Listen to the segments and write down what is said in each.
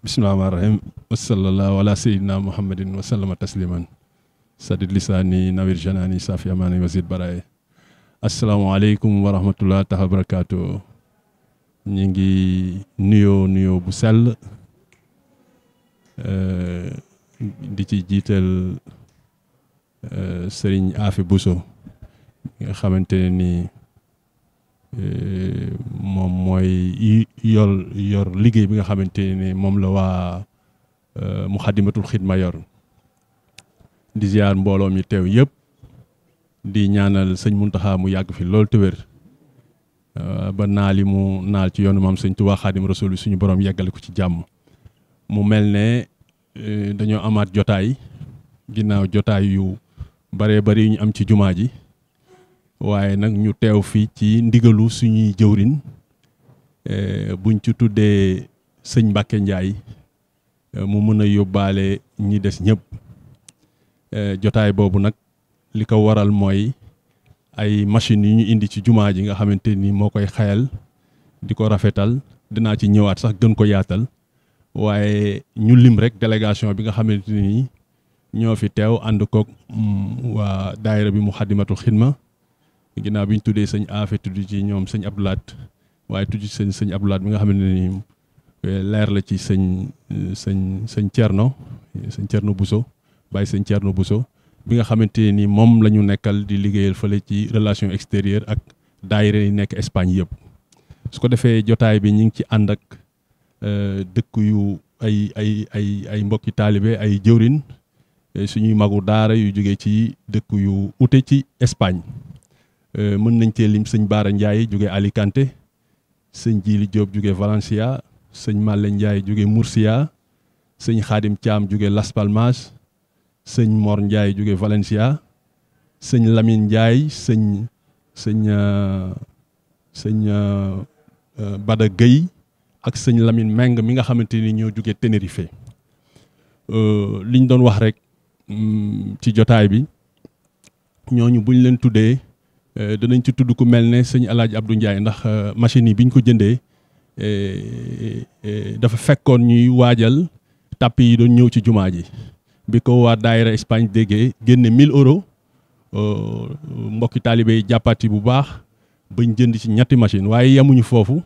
bismillahi rahmaani rahim wasallallahu ala sayyidina muhammadin wa sallama tasliman sadid lisaani nawir janaani safi amaani wasid baraye asalaamaaleykum wa rahmatullah taxa barakaatu ñu ngi nuyoo nuyoo bu sell eh, di ci jiital eh, sëriñ Afi Bousso nga xamante ne nii Euh, moom mooy yor yor liggéey bi nga xamante ni moom la waa euh, Muxaddamatul Xidma yor di ziar mbooloo mi teew yëpp di ñaanal sëñ Muntaxa mu yàgg fi loolu te wér euh, ba naal yi mu naal ci yoonu maam sëñ Tuubaa Xaadim Rasuul bi suñu borom yàggale ko ci jàmm mu mel ne dañoo amaat jotaay ginnaaw jotaay yu bare bari yu ñu am ci jumaa ji waaye nag ñu teew fii ci ndigalu suñuy jëwrin e, buñ ci tuddee sëñ Mbacke Ndiaye e, mu mën a yóbbaale ñi des ñëpp e, jotaay boobu nag li ko waral mooy ay machines yi ñu indi ci jumaa ji nga xamante ni moo koy xayal di ko rafetal dinaa ci ñëwaat sax gën ko yaatal waaye ñu lim rek délégation bi nga xamante ni ñoo fi teew ànd koog mm, waa daayira bi mu xaddimatul xidma ginnaaw bi ñu tuddee sëñ Afe tudd ci ñoom sëñ Abdoulaat waaye tudd ci sëñ sëñ Abdoulaat bi nga xamante ne nii eh, leer la ci sëñ sëñ sëñ Thierno sëñ Thierno Bousso bàyyi sëñ Thierno Bousso bi nga xamante ni moom la ñu nekkal di liggéeyal fële ci relation extérieure ak daayira yi nekk Espagne yëpp su ko defee jotaay bi ñu ngi ci ànd ak eh, dëkk yu ay ay ay ay mbokki taalibe ay jëwrin eh, suñuy magu daara yu jógee ci dëkk yu ute ci Espagne Euh, mën nañ cee lim sëñ Baara Ndiaye jóge Alicante sëñ Jili Diop jóge Valencia sëñ Malle Ndiaye jóge Murcia sëñ Xaadim Thiam jóge Las sëñ moor Ndiaye jóge Valencia sëñ lamin njaay sëñ sëñ euh, sëñ euh, Bada Gueye ak sëñ lamin Meng mi nga xamante ñoo jóge Tenerife liñ doon wax rek mm, ci jotaay bi ñooñu buñ leen tuddee Euh, danañ ci tudd ku mel ne sëñ El Hadj Abdou Ndiaye ndax euh, machine yi bi ñu ko jëndee euh, dafa fekkoon ñuy waajal tàpp yi doon ñëw ci jumaa ji bi ko waa daayira Espagne déggee génne 1000 euros mbokki taalibe yi bu baax bañ jënd ci ñetti machine waaye yemuñu foofu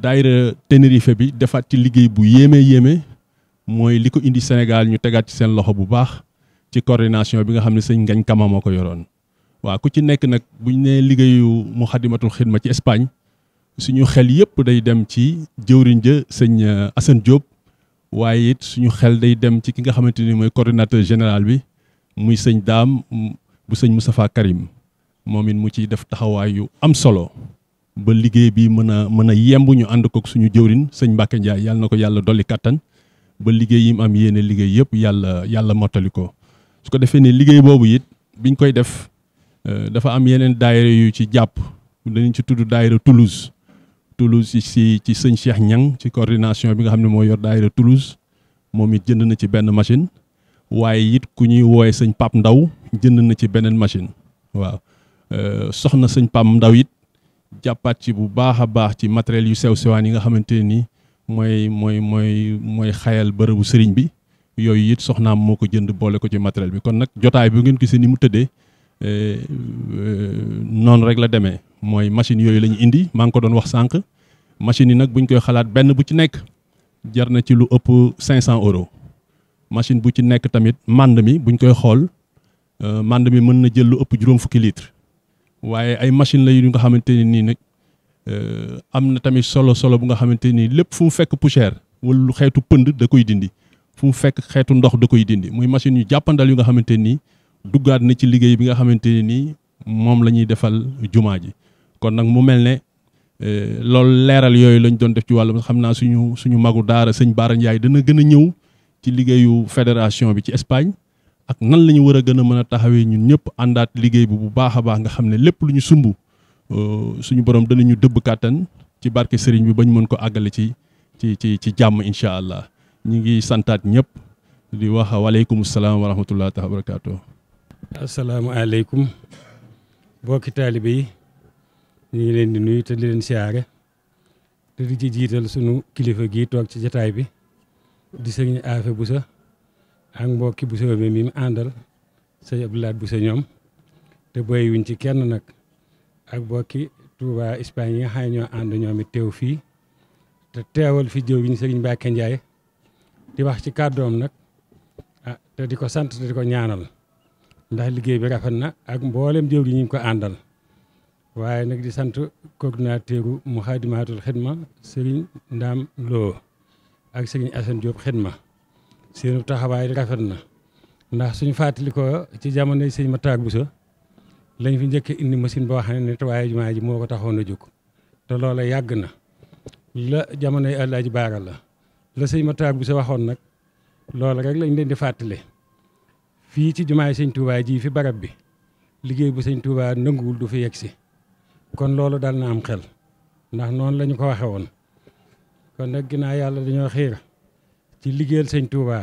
daayira Tenerife bi defaat ci liggéey bu yéeme yéeme mooy li ko indi Sénégal ñu tegaat ci seen loxo bu baax ci coordination bi nga xam ne sëñ Ngañ Kama moo ko yoroon. waaw ku ci nekk nag bu ñu nee liggéeyu Muxaddamatul Xidma ci Espagne suñu xel yëpp day dem ci jëwriñ ja sëñ eh, Assane Diop waaye it suñu xel day dem ci ki nga xamante ni mooy coordonnateur général bi muy sëñ daam bu sëñ Moustapha Karim moom it mu ci def taxawaay yu am solo ba liggéey bi mën a mën a yemb ñu ànd kook suñu jëwriñ sëñ Mbacke Ndiaye yàlla na ko yàlla dolli kattan ba liggéey yi mu am yéene liggéey yëpp yàlla yàlla mottali ko su ko defee ne liggéey boobu it biñ koy def Euh, dafa am yeneen daayira yu ci jàpp dañu ci tudd daayira Toulouse Toulouse si ci sëñ Cheikh Niang ci coordination bi nga xam ne moo yor daayira Toulouse moom it jënd na ci benn machine waaye it ku ñuy wooye sëñ Pape Ndaw jënd na ci beneen machine waaw euh, soxna sëñ Pape Ndaw it jàppaat ci bu baax a baax ci matériel yu sew sewaan yi nga xamante ne nii mooy mooy mooy mooy xayal bërëbu sëriñ bi yooyu it soxnaam moo ko jënd boole ko ci matériel bi kon nag jotaay bi ngeen gisee ni mu tëddee. Euh, euh, noonu rek la demee mooy machine yooyu la indi maa ngi ko doon wax sànq machine yi nag buñ koy xalaat benn bu ci nekk jar na ci lu ëpp cinq 500 euro machine bu ci nekk tamit mànd mi buñ koy xool euh, mànd mi mën na jël lu ëpp juróom fukki litre waaye ay machine la yu nga xamante ne nii nag am na tamit solo solo bu nga xamante nii lépp fu mu fekk poussière lu xeetu pënd da koy dindi fu mu fekk xeetu ndox da koy dindi muy machine yu jàppandal yu nga xamante nii duggaat na ci liggéey bi nga xamante ne nii moom la ñuy defal jumaa ji kon nag mu mel ne eh, loolu leeral yooyu lañ doon def ci wàllum xam naa suñu suñu magu daara sëñ Baara Ndiaye dana gën a ñëw ci liggéeyu fédération bi ci Espagne ak nan la ñu war a gën a mën a taxawee ñun ñëpp àndaat liggéey bi bu baax a baax nga xam ne lépp lu ñu sumb euh, suñu borom ñu dëbb kàttan ci barke sëriñ bi bañ mën ko àggale ci ci ci ci jàmm incha allah ñu ngi santaat ñëpp di wax waaleykum salaam wa rahmatulah asalaamaaleykum bokki taalibe yi ñu ngi leen di nuyu te di leen siyaare te di ci jiital sunu kilifa gii toog ci jataay bi di sëñ Afe Busa ak mbokki Busa mi mi mu àndal sëñ Abdoulaat Busa ñoom te bàyyiwuñ ci kenn nag ak mbokki tuuba Espagne yi nga xam ne teew fii te teewal fi jëw gi ñu sëriñ Mbàkke Njaay di wax ci kàddoom nag ah te di ko sant te di ko ñaanal ndax liggéey bi rafet na ak mbooleem jëw yi ñu ko àndal waaye nag di sant coordinateur u Muxaddamatul Xidma Serigne Ndam Lo ak Serigne Assane Diop ma seenu taxawaay rafet na ndax suñu fàttali ko ci jamonoy Serigne Matar Bousso lañ fi njëkk indi machine boo xam ne waaye jumaa ji moo ko taxoon a jóg te loola yàgg na la jamonoy Alaaji Baara la la Serigne Matar Bousso waxoon nag loola rek lañ leen di fàttali fii ci jumaay sëñ Touba ji fi barab bi liggéey bu sëñ Touba nanguwul du fi yegg si kon loolu daal na am xel ndax noonu la ko waxe woon kon nag ginnaaw yàlla dañoo xiir ci liggéeyal sëñ Touba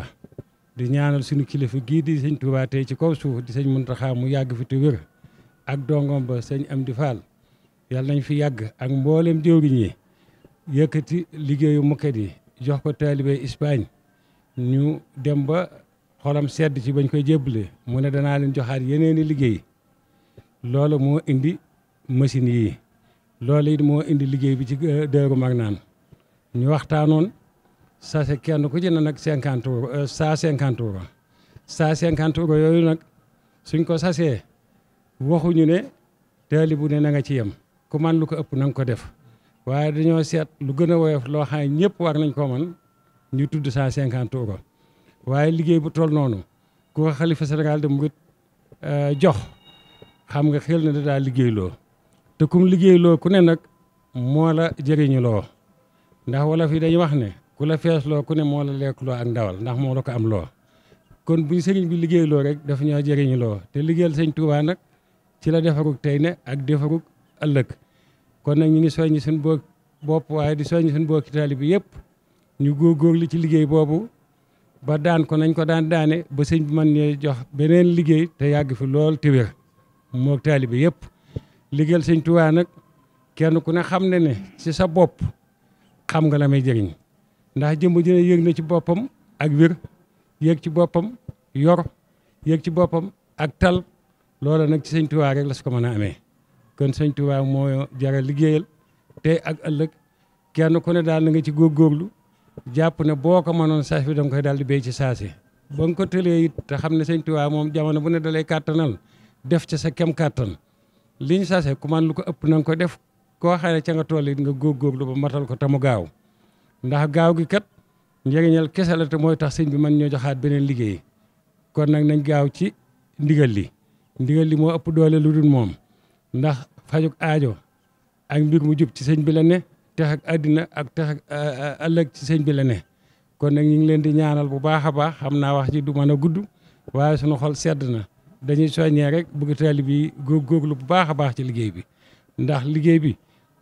di ñaanal suñu kilifa gii di sëñ Touba tey ci kaw suuf di sëñ Muntaxa mu yàgg fu te wér ak dongom ba sëñ Amdi Fall yàlla nañ fi yàgg ak mboolem jëwriñ yi yëkkati liggéeyu mukket yi jox ko taalibe Espagne ñu dem ba xolam sedd ci bañ koy jébbalee mu ne danaa leen joxaat yeneeni liggéey loolu moo indi machine yi loolu it moo indi liggéey bi ci euh, Daaru Marnaan ñu waxtaanoon saa kenn ku ci ne nag cinquante euros euh, cent cinquante euros cent cinquante euros yooyu nag suñ ko sasee waxuñu ne taalibu ne na nga ci yem ku man lu ko ëpp na nga ko def waaye dañoo seet lu gën a woyof loo xam ne ñëpp war nañ ko man ñu tudd cent cinquante euros waaye liggéey bu toll noonu ku ko xalifa Sénégal de mu euh, jox xam nga xel na da daa liggéeyloo te kum liggéeyloo ku ne nag moo la jëriñuloo ndax wala yi dañuy wax ne ku la feesloo ku ne moo la lekkuloo ak ndawal ndax moo la ko am loo kon buñ sëriñ bi liggéeyloo rek daf ñoo loo te liggéeyal sëñ Tuubaa nag ci la defarug tey ne ak defarug ëllëg kon nag ñu ngi soññi suñu bopp waaye di soññi suñu bokki taalibe bi yëpp ñu góorgóorlu ci liggéey boobu ba daan ko nañ ko daan daane ba sëñ bi man ne jox beneen liggéey te yàgg fi lool te wér moog taalibe yëpp liggéel sëñ Tuubaa nag kenn ku ne xam ne ne ci sa bopp xam nga la may jëriñ ndax jëmb dina yëg na ci boppam ak wér yëg ci boppam yor yëg ci boppam ak tal loola nag ci sëñ Tuubaa rek la su ko mën a amee kon sëñ Tuubaa moo jara liggéeyal tey ak ëllëg kenn ku ne daal na nga ci góor góorgóorlu jàpp ne boo ko mënoon saa fi danga koy daal di béy ci saasi ba nga ko tëlee te xam na sëñ waa moom jamono bu ne dalay kàttanal def ca sa kem kàttan liñ sase ku ko ëpp na ko def koo xale ca nga toll it nga góorgóorlu ba matal ko tamu gaaw ndax gaaw gi kat njëriñal kese te mooy tax sëñ bi man ñoo joxaat beneen liggéey kon nag nañ gaaw ci ndigal li ndigal li moo ëpp doole lu dul moom ndax fajuk aajo ak mbir mu jub ci sëñ bi la ne tex ak àddina ak tex ak ëllëg ci sëñ bi la ne kon nag ñu ngi leen di ñaanal bu baax a baax xam naa wax ji du mën a gudd waaye sunu xol sedd na dañuy soññee rek bëgg taalib yi lu bu baax a baax ci liggéey bi ndax liggéey bi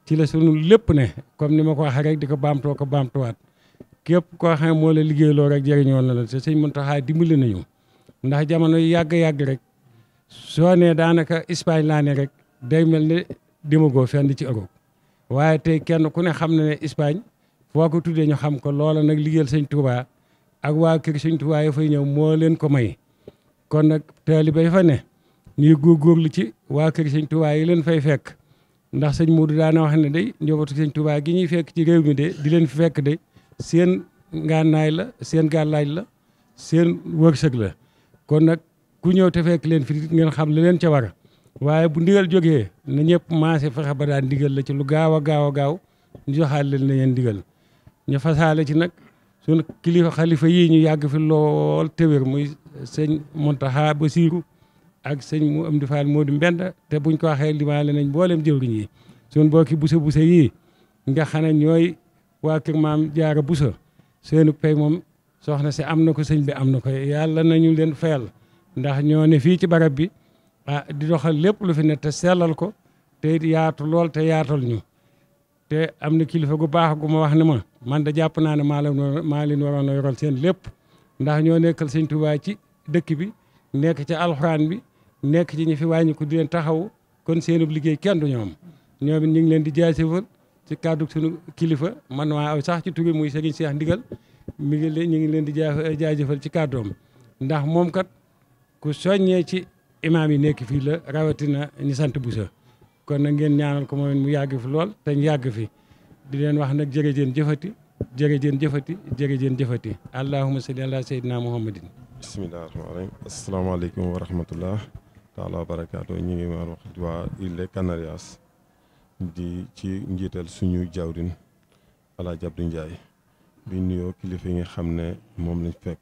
ci la sunu lépp ne comme ni ma ko waxee rek di ko baamtoo ko baamtuwaat képp koo xam ne moo la liggéeyloo rek jëriñoo na la te sëñ Muntaxa dimbali nañu ndax jamono yàgg-yàgg rek soo nee daanaka Espagne laa ne rek day mel ne demagoo fenn ci Europe waaye tey kenn ku ne xam na ne Espagne foo ko tuddee ñu xam ko loola nag liggéel sëñ Touba ak waa kër sëñ Touba ya fay ñëw moo leen ko may kon nag taalibe yi fa ne ñuy góorgóorlu ci waa kër sëñ Touba yi leen fay fekk ndax sëñ Modou daana wax ne day njobootu sëñ Touba gi ñuy fekk ci réew mi de di leen fi fekk de seen ngànnaay la seen gàllaaj la seen wërsëg la kon nag ku ñëw te fekk leen fi ngeen xam li leen ca war waaye bu ndigal jógee na ñëpp maase fexe ba daan ndigal la ci lu gaaw a gaaw a gaaw ñu joxaat leen na ngeen ndigal ñu fasaale ci nag sunu kilifa xalifa yii ñu yàgg fi lool téwér muy sëñ Muntaxa Basiiru ak sëñ mu am di Fall Moodu Mbend te buñ ko waxee limaale nañ booleem jëwriñ yi suñ bokki busa busa yii nga xam ñooy waa kër maam jaara busa seenu pay moom soxna si am na ko sëñ bi am na ko yàlla nañu leen fayal ndax ñoo ne fii ci barab bi ah di doxal lépp lu fi ne te sellal ko te yaatu lool te yaatal ñu te am na kilifa gu baax gu ma wax ne ma man da jàpp naa ne maa leen maa leen waroon a yoral seen lépp ndax ñoo nekkal sëñ Tuubaa ci dëkk bi nekk ci alxuraan bi nekk ci ñi fi wàññi ko di leen taxaw kon seenub liggéey kenn du ñoom ñoom it ñu ngi leen di jaajëfal ci kàddu suñu kilifa man waa aw sax ci tugi muy sëriñ Seex Ndigal mi ngi leen ñu ngi leen di jaajëfal ci kàddoom ndax moom kat ku soññee ci imaam yi nekk fii la rawatina ñi sant bu sa kon nag ngeen ñaanal ko moom mu yàgg fi lool te ñu yàgg fi di leen wax nag jërëjëf jëfati jërëjëf jëfati jërëjëf jëfati allahumma salli ala sayyidina muhammadin bismillahi wa rahmatullah taala wa barakaatu waa Îles Canarias di ci njiital suñu jawrin Alaaji Abdu Njaay bi nuyoo kilifa yi nga xam ne moom lañ fekk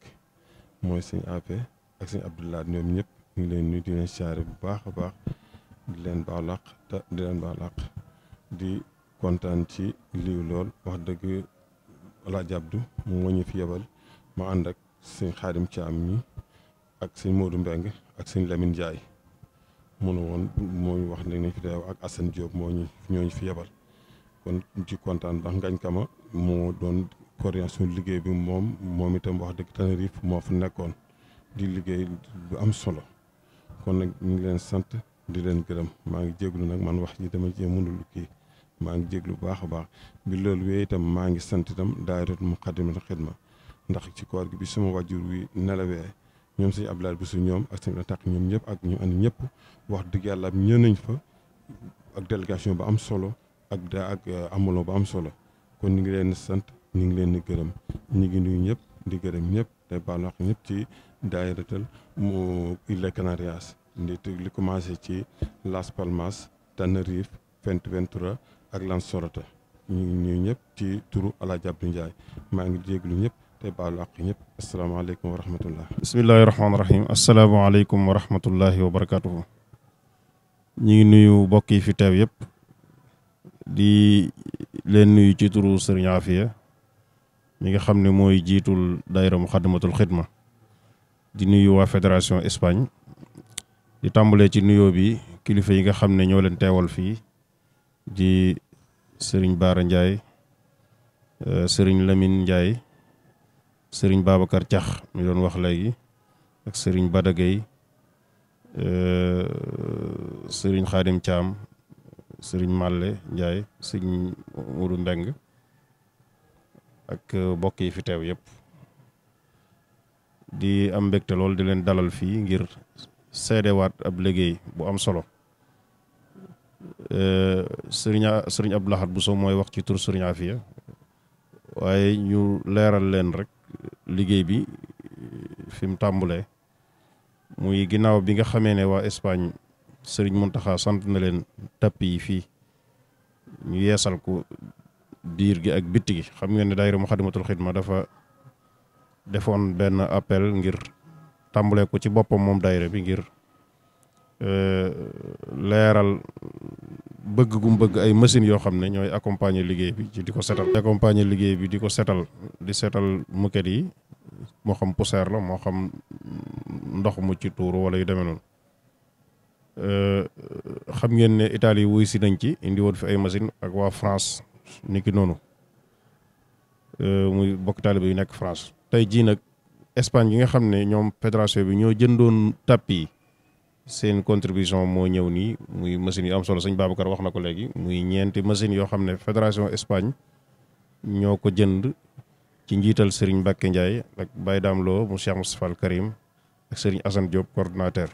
mooy sëñ ape ak sëñ Abdoulaye ñoom ñëpp ñu ngi leen nuyu di leen siyaare bu baax a baax di leen baax làq te di leen baax làq di kontaan ci liw lool wax dëgg Alaaji Abdu moo ñu fi yebal ma ànd ak sëñ Xaadim am ñi ak sëñ Moodu Mbeng ak sëñ lemin jaay mu ne woon moo wax ne nañ fi teew ak Assane Diop moo ñu fi yebal kon ci kontaan ndax ngañ kama moo doon coordination liggéey bi moom moom itam wax dëgg Tenerife moo fa nekkoon di liggéey bu am solo kon nag ñu ngi leen sant di leen gërëm maa ngi jéglu nag man wax ji dama cee mënul kii maa ngi jéglu bu baax a baax bi loolu wee itam maa ngi sant itam daayiratul Muqaddamatul ma ndax ci koor gi bi sama wàjjur wi nelawee ñoom sëñ Abdoulaye Bousso ñoom ak sëñ Atak ñoom ñëpp ak ñu ànd ñëpp wax dëgg yàlla ñëw nañ fa ak délégation ba am solo ak da euh, amuloo ba am solo kon ñu ngi leen sant ñu ngi leen di gërëm ñu ngi nuyu ñëpp di gërëm ñëpp te baalu àq ñëpp ci daayiratal mu Îles Canarias ndi li commencé ci Las Palmas Tenerife Fuerteventura ak lan ñu ngi nuyu ñëpp ci turu El Hadj Abdou maa ngi jéglu ñëpp te baalu àq ñëpp asalaamaaleykum wa rahmatullah bismillahi rahmaani rahim asalaamaaleykum wa rahmatullahi wa barakatuhu ñu ngi nuyu mbokk yi fi teew yëpp di leen nuyu ci turu Serigne Afia mi nga xam ne mooy jiitul daayira Muxaddamatul Xidma di nuyu waa fédération Espagne di tàmbalee ci nuyoo bi kilifa yi nga xam ne ñoo leen teewal fii di sëriñ Baara Ndiaye euh, sëriñ Lamine Ndiaye sëriñ Babacar Thiax mi doon wax léegi ak sëriñ Bada Gueye euh, sëriñ Xaadim Thiam sëriñ Malle Ndiaye sëriñ Mourou Mbeng ak euh, mbokk yi fi teew yëpp. di am mbégte lool di leen dalal fii ngir seedewaat ab liggéey bu am solo eh, sëriñ sëriñ Abdou bu Bousso mooy wax ci tur sëriñ Afia waaye ñu leeral leen rek liggéey bi eh, fi mu tàmbulee muy ginnaaw bi nga xamee ne waa Espagne sëriñ Mountakha sant na leen tapp yi fii ñu yeesal ko diir gi ak bitti gi xam ngeen ne daayira Muxaddamatul Xidma dafa defoon benn appel ngir tàmbalee ko ci boppam moom daayira bi ngir euh, leeral bëgg gum bëgg ay machines yoo xam ne ñooy accompagner liggéey bi ci di ko setal. accompagner liggéey bi di ko setal di setal moquette yi moo xam poussière la moo xam ndox mu ci tuuru wala yu demee noonu euh, xam ngeen ne Italie wuy si nañ ci indi woon fi ay machines ak waa France niki noonu euh, muy bokk taalibe yu nekk France. tey jii nag Espagne yi nga xam ne ñoom fédération bi ñoo jëndoon tappi seen contribution moo ñëw nii muy machines yu am solo sëñ Babacar wax na ko léegi muy ñeenti machines yoo xam ne fédération Espagne ñoo ko jënd ci njiital sëriñ Mbacke Ndiaye ak Baye Dame Lo mu Cheikh Moustapha Al Karim ak Serigne Assane Diop coordonnateur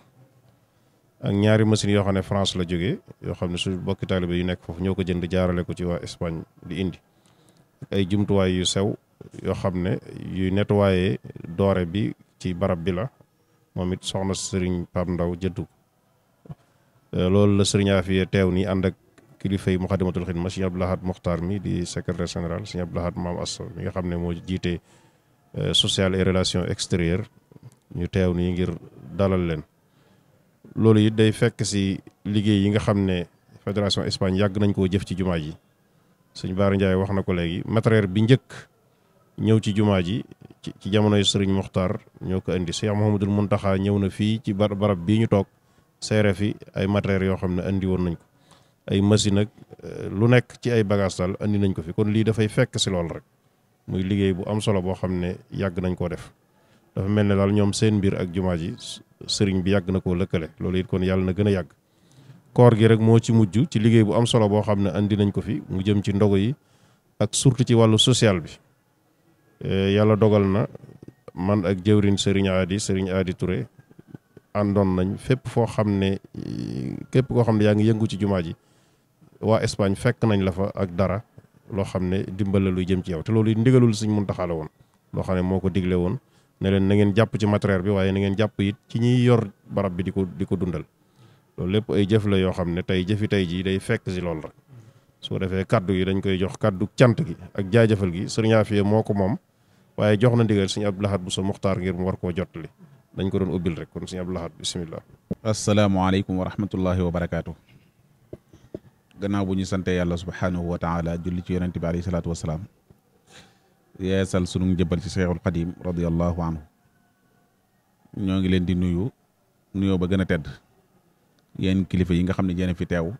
ak ñaari machines yoo xam ne France la jóge yoo xam ne su bokki taalibe yu nekk foofu ñoo ko jënd jaarale ko ci waa Espagne di indi ay jumtuwaay yu sew yoo xam ne yuy nettoyé doore bi ci barab bi la moom it soxna sëriñ Pam Ndaw jëddu euh, loolu la sëriñaa Afia teew nii ànd ak kilifa yi Muxaddamatul Xidma sëriñ Abdou Lahad Mokhtar mi di secrétaire général sëriñ Abdou Lahad Maam Assa mi nga xam ne moo jiite euh, social et relations extérieures ñu teew nii ngir dalal leen loolu it day fekk si liggéey yi nga xam ne fédération Espagne yàgg nañ koo jëf ci jumaa ji sëñ Baara Ndiaye wax na ko léegi matériel bi njëkk ñëw ci jumaa ji ci jamono sëriñ muxtaar ñoo ko indi Cheikh Mouhamadul Muntaxa ñëw na fii ci barab bii ñu toog seere fi ay matériels yoo xam ne indi woon nañ ko ay machine ak euh, lu nekk ci ay bagage daal indi nañ ko fi kon lii dafay fekk si lool rek muy liggéey bu am solo boo xam ne yàgg nañ koo def dafa mel ne daal ñoom seen mbir ak jumaa ji sëriñ bi yàgg na koo lëkkale loolu it kon yàlla na gën a yàgg koor gi rek moo ci mujj ci liggéey bu am solo boo xam ne indi nañ ko fi mu jëm ci ndogo yi ak surtout ci wàllu social bi Eh, yàlla dogal na man ak jëwrin Serigne Adi Serigne Adi Touré àndoon nañ fépp foo xam ne képp koo xam ne yaa ngi yëngu ci jumaa ji waa Espagne fekk nañ la fa ak dara loo xam ne dimbala luy jëm ci yow te loolu ndigalul Sëriñ mun la woon loo xam ne moo ko digle woon ne leen na ngeen jàpp ci matériel bi waaye na ngeen jàpp it ci ñiy yor barab bi di ko di ko dundal loolu lépp ay jëf la yoo xam ne tey jëfi tey jii day fekk si loolu rek soo ko defee kaddu yi dañ koy jox kaddu cant gi ak jaajëfal gi Sëriñ moo ko moom waaye jox na ndigal sëñ Abdou Lahad Bousso Muxtaar ngir mu war koo jottali dañ ko doon ubbil rek kon sëñ Abdou Lahad bisimilah. asalaamaaleykum wa rahmatullahi wa barakaatu. gannaaw bu ñu sante yàlla subhaanahu wa julli ci yonente bi alayhi salaatu wasalaam yeesal sunu njëbbal ci Seexul Xadiim radiyallahu anhu ñoo ngi leen di nuyu nuyoo ba gën a tedd yéen kilifa yi nga xam ne yéen fi teew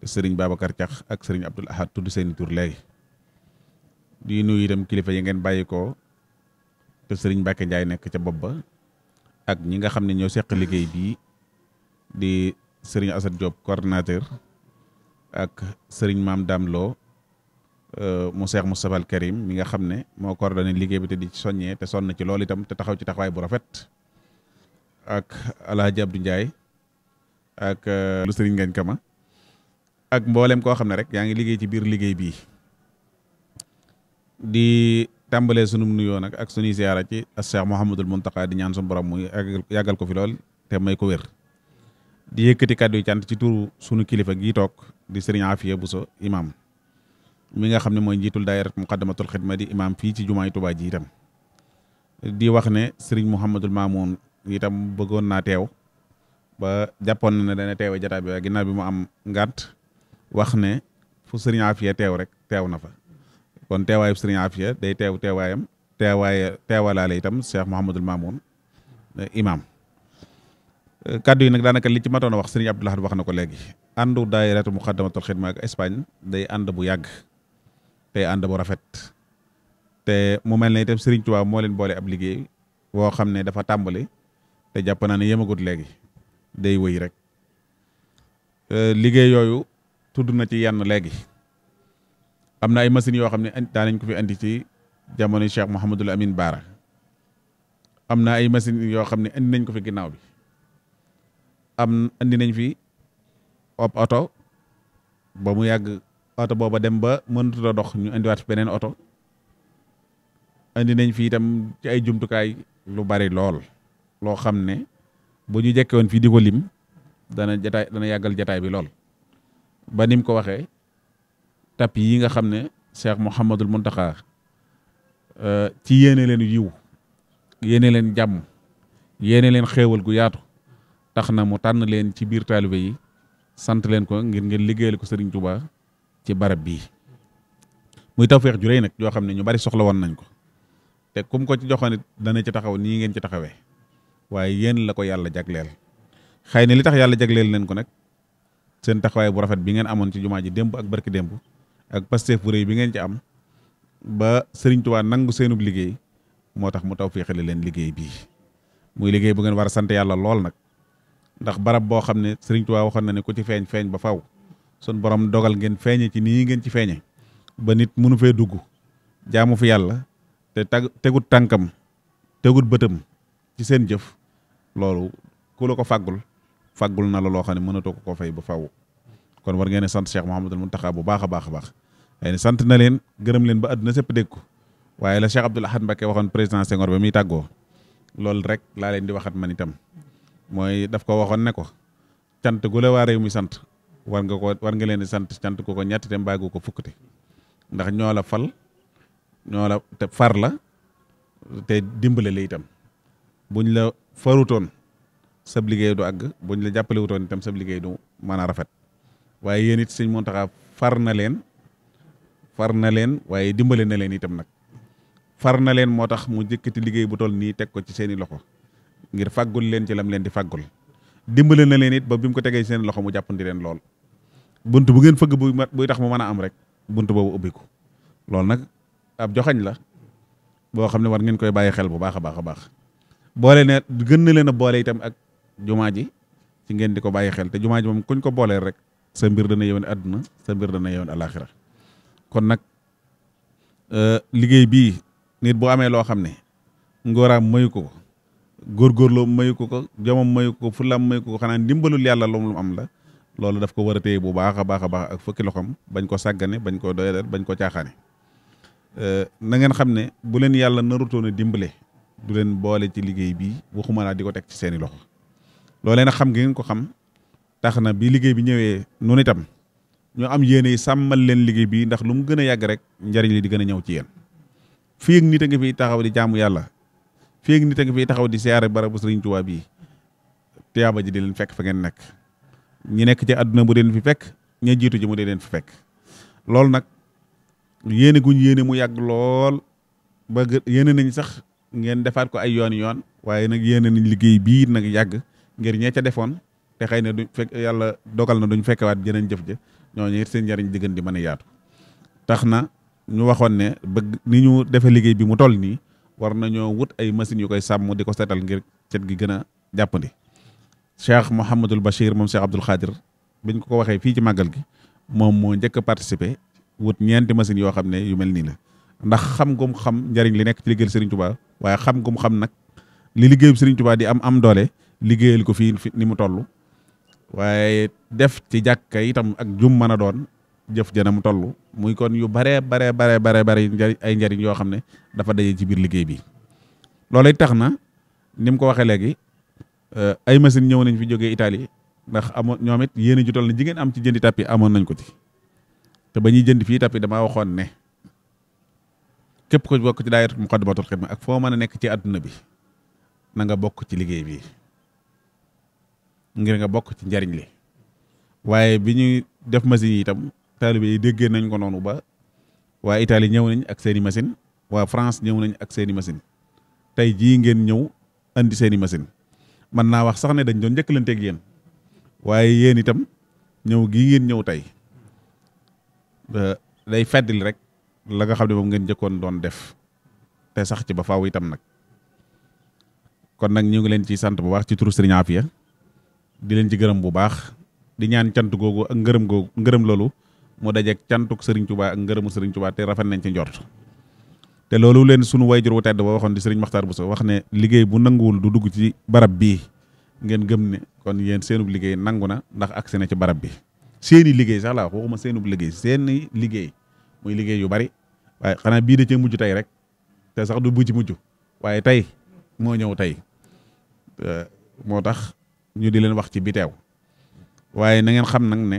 sëriñ Babacar Cax ak sëriñ Abdul Ahad tudd seen tur léegi di nuyu itam kilifa yi ngeen bàyyi ko te sëriñ Mbacke njaay nekk ca bopp ba ak ñi nga xam ne ñoo seq liggéey bii di sëriñ Assane Diop coordonnateur ak sëriñ maam Dame Lo euh, mu seex Moustapha al mi nga xam ne moo coordonné liggéey bi te di soññee te sonn ci lool itam te taxaw ci taxawaay bu rafet ak Alaaji Abdou Ndiaye ak euh, lu sëriñ Ngañ Kama ak mboolem koo xam ne rek yaa ngi liggéey ci biir liggéey bii. di tàmbalee sunu nuyoo nag ak sunuy ziyaara ci Cheikh Mouhamadul Mountakha di ñaan sunu borom mu yàggal ko fi lool te may ko wér di yëkkati kàddu yi cant ci turu sunu kilifa gi toog di sëriñ Afiya so imam mi nga xam ne mooy njiitul daayirat Muqaddamatul Xidma di imam fii ci jumaay Tuubaa wax ne sëriñ Mouhamadul Mamoun bëggoon naa teew ba jàppoon na ne dana teewe jataay bi waaye ginnaaw bi mu am ngànt wax ne fu sëriñ Afiya teew rek teew na fa kon teewaayu sëriñ Afia day teew teewaayam teewaay teewalaale itam Cheikh Mouhamadul Mamoun eh, imam eh, kaddu yi nag daanaka li ci matoon wax sëriñ Abdoul Ahad wax na ko léegi àndu daayiratu muqaddamatul xidma ak Espagne day ànd bu yàgg tey ànd bu rafet te mu mel na itam sëriñ Tuubaa moo boole ab liggéey woo xam ne dafa tàmbali te jàpp ne yemagut léegi day wëy rek eh, liggéey yooyu tudd na ci yenn léegi am na ay machines yoo xam ne daan nañ ko fi andi ci jamono Cheikh Mouhamadul Amin Baara am na ay machines yoo xam ne andi nañ ko fi ginnaaw bi am andi nañ fi ob oto ba mu yàgg oto booba dem ba mënatu la dox ñu andiwaat beneen oto andi nañ fi itam ci ay jumtukaay lu bari lool loo xam ne boo ñu jekke woon fii di ko lim dana jataay dana yàggal jataay bi lool ba ni ko waxee tapp yi nga xam ne Cheikh Mouhamadul Mountakha euh, ci yéene leen yiw yéene leen jàmm yéene leen xéewal gu yaatu tax na mu tànn leen ci biir taalibe yi sant leen ko ngir ngeen liggéeyal ko Serigne Touba ci barab bii muy tawfeex ju rëy nag yoo xam ne ñu bari soxla woon nañ ko te kum ko ci joxoon it dana ci taxaw nii ngeen ci taxawee waaye yéen la ko yàlla jagleel xëy na li tax yàlla jagleel leen ko nag seen taxawaay bu rafet bi ngeen amoon ci jumaa ji démb ak barki démb ak pasteef bu rëy bi ngeen ci am ba Sëriñ nangu seenub liggéey moo tax mu taw féexale leen liggéey bii muy liggéey bu ngeen war a sant yàlla lool nag ndax barab boo xam ne Sëriñ Tuubaa waxoon na ne ku ci feeñ feeñ ba faw sun borom dogal ngeen feeñe ci nii ngeen ci feeñe ba nit mënu fee dugg jaamu fi yàlla te tag tegut tànkam tegut bëtam ci seen jëf loolu ku la ko faggul fàggul na la loo xam ne mënatoo ko ko fay ba faw kon war ngeen sant Cheikh Mouhamadul Mountakha bu baax a baax a baax xëy na sant na leen gërëm leen ba addina sépp dégg ko waaye la Cheikh Abdoul Ahad Mbacké waxoon président Senghor ba muy tàggoo loolu rek laa leen di waxat man itam mooy daf ko waxoon ne ko cant gu la waa réew mi sant war nga ko war nga leen di sant cant gu ko ñetti te mbaagu ko te ndax ñoo la fal ñoo la te far la te dimbale la itam buñ la farutoon sab liggéey du àgg buñ la jàppale wutoon itam sab liggéey du mën rafet waaye yéen it sëñ Mountakha far na leen far na leen waaye dimbale na leen itam nag far na leen moo tax mu ti liggéey bu toll nii teg ko ci seeni loxo ngir fàggul leen ci lam leen di fàggul dimbale na leen it ba bi mu ko tegee seen loxo mu jàppandi leen lool bunt bu ngeen fëgg buy buy tax mu mën a am rek bunt boobu ubbiku loolu nag ab joxañ la boo xam ne war ngeen koy bàyyi xel bu baax a baax a baax boole ne gën na leen a boole itam ak jumaa ji ci ngeen di ko bàyyi xel te jumaa ji moom ko booleel rek sa mbir dana yewén àdduna sa mbir dana yewén alaaxira kon nag euh, liggéey bi nit boo amee loo xam ne ngóoraam mayu ko ko góorgóorloo mayu ko ko jomam mayu ko ko fullaam mayu ko ko xanaa ndimbalul yàlla lu mu am la loolu daf ko war a téye bu baax a baax a baax ak fukki loxoom bañ ko sàggane bañ ko doyadal bañ ko caaxaane euh, na ngeen xam ne bu leen yàlla narutoon a dimbale du leen boole ci liggéey bii waxuma laa di ko teg ci seeni loxo loolee nag xam ngeen ko xam tax na bi liggéey bi ñëwee noonu itam ñu am yéene yi sàmmal leen liggéey bii ndax lu mu gën a yàgg rek njariñ li di gën a ñëw ci yéen fii ak nit a ngi fiy taxaw di jaamu yàlla fii ak nit a ngi fiy taxaw di siyaare barabu Sëriñ Tuubaa bii tiyaaba ji di leen fekk fa ngeen nekk ñi nekk ci àdduna mu leen fi fekk ña jiitu ji mu dee leen fi fekk loolu nag yéene guñ yéene mu yàgg lool ba yéene nañ sax ngeen defaat ko ay yoon yoon waaye nag yéene nañ liggéey bii nag yàgg ngir ñee ca defoon te xëy na duñ fekk yàlla dogal na duñ fekkewaat jeneen jëf ja ñooñu it seen njariñ di ma di yaatu tax na ñu waxoon ne bëgg ni ñu defe liggéey bi mu toll nii war ñoo wut ay machines yu koy sàmm di ko seetal ngir cet gi gën a jàppandi Cheikh Mouhamadul Bachir moom Cheikh Abdoul Khadir bañ ko ko waxee fii ci màggal gi moom moo njëkk a wut ñeenti machines yoo xam ne yu mel nii la ndax xam gum xam njariñ li nekk ci liggéeyal Serigne Touba waaye xam gum xam nag li liggéeyub Serigne Touba di am am doole liggéeyal ko fii ni mu toll waaye def ci jàkka yitam ak jum mën a doon jëf jënam toll muy kon yu baree baree baree baree bare ay njariñ yoo xam ne dafa day ci biir liggéey bi loolay tax na ni ko waxee léegi euh, ay machine ñëw nañ fi jógee itali ndax amoon ñoom it yéen a jutal na ji am ci jëndi tapis amoon nañ ko ci te ba ñuy jënd fii tapis damaa waxoon ne képp ko bokk ci daayira Muqaddamatul Xidma ak foo mën a nekk ci àdduna bi na nga bokk ci liggéey bi ngir nga bokk ci njariñ li waaye bi ñuy def machine yi itam taalibe yi déggee nañ ko noonu ba waa itali ñëw nañ ak seeni i machine waa France ñëw nañ ak seeni i machine tey jii ngeen ñëw andi seeni i machine mën naa wax sax ne dañ doon njëkkalanteeg yéen waaye yéen itam ñëw gii ngeen ñëw tey day feddil rek la nga xam ne moom ngeen njëkkoon doon def te sax ci ba faaw itam nag kon nag ñu ngi leen ci sant bu baax ci turu Serigne di leen ci gërëm bu baax di ñaan cant googu ak ngërëm googu ngërëm loolu mu dajeeg cantuk Serigne Touba ak ngërëmu Serigne Touba te rafet nañ ci njort te loolu leen sunu wayjur wu tedd ba waxoon di Serigne bu Bousso wax ne liggéey bu nanguwul du dugg ci barab bii ngeen gëm ne kon yéen seenub liggéey nangu na ndax agsi na ci barab bi seeni liggéey sax laa waxuma seenub liggéey seeni liggéey muy liggéey yu bari waaye xanaa bii da cee mujj tey rek te sax du bu ci mujj waaye tey moo ñëw tey moo tax ñu di leen wax ci biteew waaye nangeen xam nag ne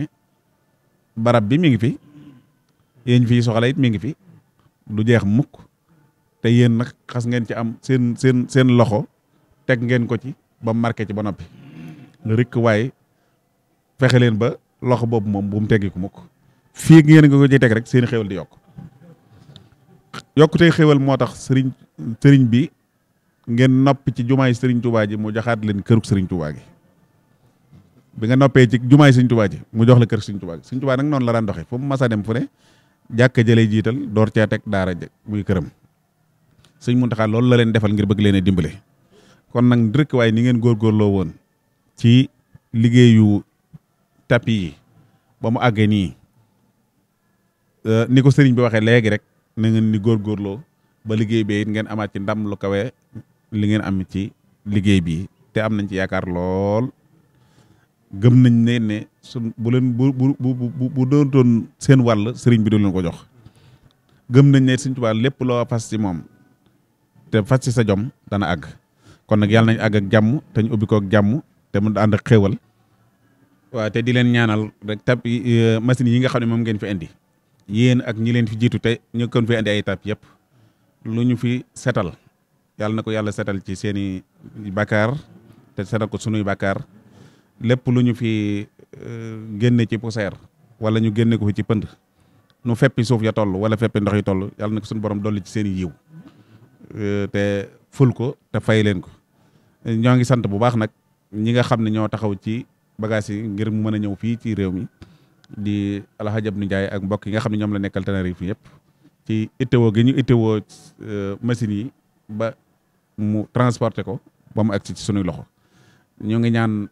barab bi mi ngi fi yéen fii soxla it mi ngi fi du jeex mukk te yéen nag xas ngeen ci am seen seen seen loxo teg ngeen ko ci ba marqué ci ba noppi rikk waaye fexe leen ba loxo boobu moom bu mu teggi ko mukk fii ngeen nga ko ci teg rek seen xéwal di yokk yokkutey xewal moo tax sëriñ sëriñ bi ngeen noppi ci jumaay sëriñ Tuubaa ji mu jaxaat leen këruk sëriñ Tuubaa gi bi nga noppee ci jumaay sëñ tubaa ji mu jox la kër sëñ tubaa ji sëñ tubaa nag noonu la daan doxee fu mu masa dem fu ne jàkka jëlee jiital door cee teg daara ja muy këram sëñ ndaxa loolu la leen defal ngir bëgg leen a dimbale kon nag dëkk waaye ni ngeen góorgóorloo woon ci liggéeyu tapis ba mu àggee nii ni ko sëriñ bi waxee léegi rek na ngeen ni góorgóorloo ba liggéey bi ngeen amaat ci ndam lu kawe li ngeen am ci liggéey bi te am nañ ci yaakaar lool gëm nañ ne ne suñ bu leen bu bu bu bu doontoon seen wàll sëriñ bi du leen ko jox gëm nañ ne Sëriñ Tuubaa lépp loo fas ci moom te fas ci sa jom dana àgg kon nag yàlla nañ àgg ak jàmm te ñu ubbi ko ak jàmm te mu ànd ak xéewal waaw te di leen ñaanal rek tap machine yi nga xam ne moom ngeen fi indi yéen ak ñi leen fi jiitu te ñu kon fi indi ay tap yëpp lu ñu fi setal yàlla na ko yàlla setal ci seen i bàkkaar te setal ko sunuy bàkkaar lépp lu ñu fi euh, génne ci poussière wala ñu génne ko fi ci pënd nu feppi suuf ya toll wala feppi ndox yi toll yàlla na ko suñu borom dolli ci seen yiw euh, te ful ko te fay leen ko ñoo ngi sant bu baax nag ñi nga xam ne ñoo taxaw ci bagages yi ngir mu mën a ñëw fii ci réew mi di Alhaji Abdou Ndiaye ak mbokk yi nga xam ne ñoom la nekkal Tenerife fii yëpp ci itteewoo gi ñu itteewoo euh, machine yi ba mu transporter ko ba mu agsi ci sunuy loxo ñu ngi ñaan.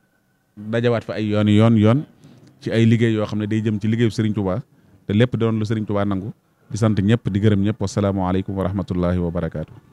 dajawaat fa ay yoon yoon yoon ci ay liggéey yoo xam ne day jëm ci liggéey Serigne Touba te lépp doon lu Serigne Touba nangu di sant ñëpp di gërëm ñëpp wasalaamaaleykum wa rahmatullahi wa barakaatu.